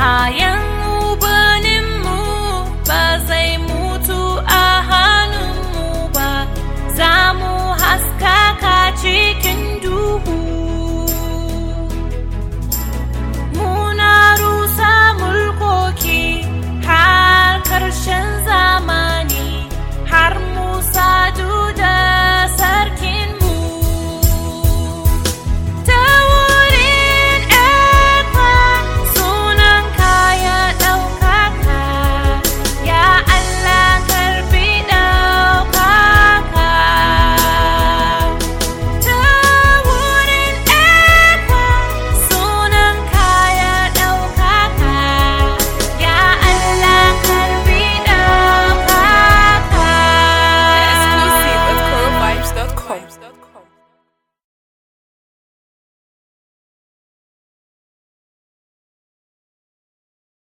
kayan ubaninmu ba zai mutu a hannunmu ba za mu haskaka cikin duhu